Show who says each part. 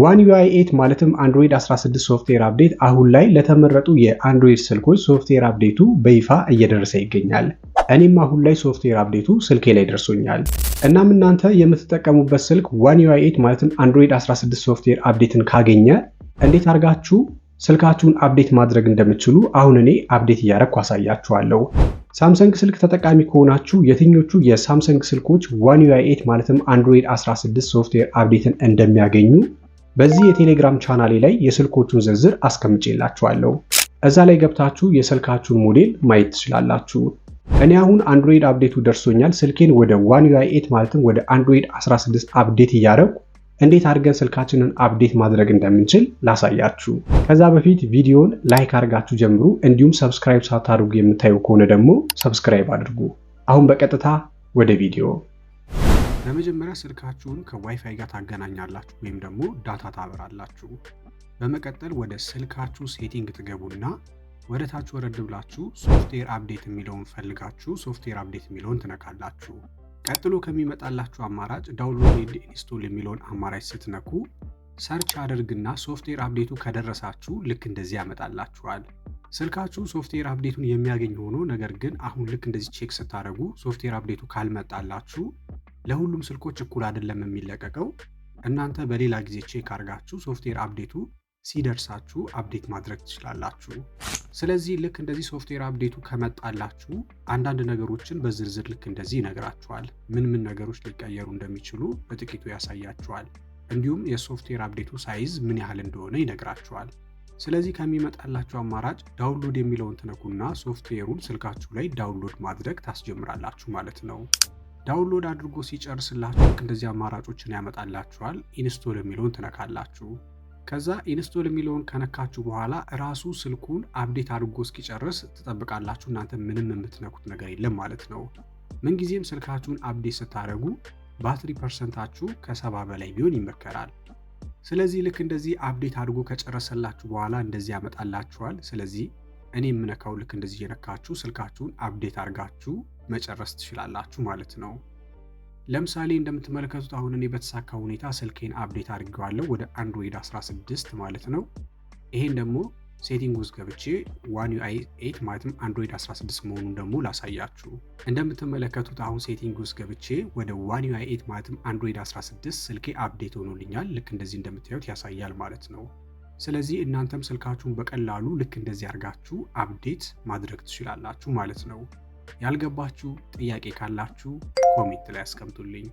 Speaker 1: ዋን ዩአይ ኤት ማለትም አንድሮይድ 16 ሶፍትዌር አፕዴት አሁን ላይ ለተመረጡ የአንድሮይድ ስልኮች ሶፍትዌር አፕዴቱ በይፋ እየደረሰ ይገኛል። እኔም አሁን ላይ ሶፍትዌር አፕዴቱ ስልኬ ላይ ደርሶኛል። እናም እናንተ የምትጠቀሙበት ስልክ ዋን ዩአይ ኤት ማለትም አንድሮይድ 16 ሶፍትዌር አፕዴትን ካገኘ እንዴት አድርጋችሁ ስልካችሁን አፕዴት ማድረግ እንደምትችሉ አሁን እኔ አፕዴት እያደረግኩ አሳያችኋለሁ። ሳምሰንግ ስልክ ተጠቃሚ ከሆናችሁ የትኞቹ የሳምሰንግ ስልኮች ዋን ዩአይ ኤት ማለትም አንድሮይድ 16 ሶፍትዌር አፕዴትን እንደሚያገኙ በዚህ የቴሌግራም ቻናሌ ላይ የስልኮቹን ዝርዝር አስቀምጬላችኋለሁ። እዛ ላይ ገብታችሁ የስልካችሁን ሞዴል ማየት ትችላላችሁ። እኔ አሁን አንድሮይድ አፕዴቱ ደርሶኛል። ስልኬን ወደ ዋን ዩአይ ኤት ማለትም ወደ አንድሮይድ 16 አፕዴት እያደረጉ እንዴት አድርገን ስልካችንን አፕዴት ማድረግ እንደምንችል ላሳያችሁ። ከዛ በፊት ቪዲዮን ላይክ አድርጋችሁ ጀምሩ። እንዲሁም ሰብስክራይብ ሳታደርጉ የምታዩ ከሆነ ደግሞ ሰብስክራይብ አድርጉ። አሁን በቀጥታ ወደ ቪዲዮ
Speaker 2: በመጀመሪያ ስልካችሁን ከዋይፋይ ጋር ታገናኛላችሁ ወይም ደግሞ ዳታ ታበራላችሁ። በመቀጠል ወደ ስልካችሁ ሴቲንግ ትገቡና ወደ ታች ወረድ ብላችሁ ሶፍትዌር አፕዴት የሚለውን ፈልጋችሁ ሶፍትዌር አፕዴት የሚለውን ትነካላችሁ። ቀጥሎ ከሚመጣላችሁ አማራጭ ዳውንሎድ ኢንስቶል የሚለውን አማራጭ ስትነኩ ሰርች አድርግና ሶፍትዌር አፕዴቱ ከደረሳችሁ ልክ እንደዚህ ያመጣላችኋል። ስልካችሁ ሶፍትዌር አፕዴቱን የሚያገኝ ሆኖ ነገር ግን አሁን ልክ እንደዚህ ቼክ ስታደርጉ ሶፍትዌር አፕዴቱ ካልመጣላችሁ ለሁሉም ስልኮች እኩል አይደለም የሚለቀቀው። እናንተ በሌላ ጊዜ ቼክ አድርጋችሁ ሶፍትዌር አፕዴቱ ሲደርሳችሁ አፕዴት ማድረግ ትችላላችሁ። ስለዚህ ልክ እንደዚህ ሶፍትዌር አፕዴቱ ከመጣላችሁ አንዳንድ ነገሮችን በዝርዝር ልክ እንደዚህ ይነግራችኋል። ምን ምን ነገሮች ሊቀየሩ እንደሚችሉ በጥቂቱ ያሳያችኋል። እንዲሁም የሶፍትዌር አፕዴቱ ሳይዝ ምን ያህል እንደሆነ ይነግራችኋል። ስለዚህ ከሚመጣላችሁ አማራጭ ዳውንሎድ የሚለውን ትነኩና ሶፍትዌሩን ስልካችሁ ላይ ዳውንሎድ ማድረግ ታስጀምራላችሁ ማለት ነው። ዳውንሎድ አድርጎ ሲጨርስላችሁ ልክ እንደዚህ አማራጮችን ያመጣላችኋል። ኢንስቶል የሚለውን ትነካላችሁ። ከዛ ኢንስቶል የሚለውን ከነካችሁ በኋላ ራሱ ስልኩን አፕዴት አድርጎ እስኪጨርስ ትጠብቃላችሁ። እናንተ ምንም የምትነኩት ነገር የለም ማለት ነው። ምንጊዜም ስልካችሁን አፕዴት ስታደርጉ ባትሪ ፐርሰንታችሁ ከሰባ በላይ ቢሆን ይመከራል። ስለዚህ ልክ እንደዚህ አፕዴት አድርጎ ከጨረሰላችሁ በኋላ እንደዚህ ያመጣላችኋል። ስለዚህ እኔ የምነካው ልክ እንደዚህ እየነካችሁ ስልካችሁን አፕዴት አድርጋችሁ መጨረስ ትችላላችሁ ማለት ነው። ለምሳሌ እንደምትመለከቱት አሁን እኔ በተሳካ ሁኔታ ስልኬን አፕዴት አድርጌዋለሁ ወደ አንድሮይድ 16 ማለት ነው። ይሄን ደግሞ ሴቲንግ ውስጥ ገብቼ ዋን ዩአይ ኤት ማለትም አንድሮይድ 16 መሆኑን ደግሞ ላሳያችሁ። እንደምትመለከቱት አሁን ሴቲንግ ውስጥ ገብቼ ወደ ዋን ዩአይ ኤት ማለትም አንድሮይድ 16 ስልኬ አፕዴት ሆኖልኛል። ልክ እንደዚህ እንደምታዩት ያሳያል ማለት ነው። ስለዚህ እናንተም ስልካችሁን በቀላሉ ልክ እንደዚህ አድርጋችሁ አፕዴት ማድረግ ትችላላችሁ ማለት ነው። ያልገባችሁ ጥያቄ ካላችሁ ኮሜንት ላይ አስቀምጡልኝ።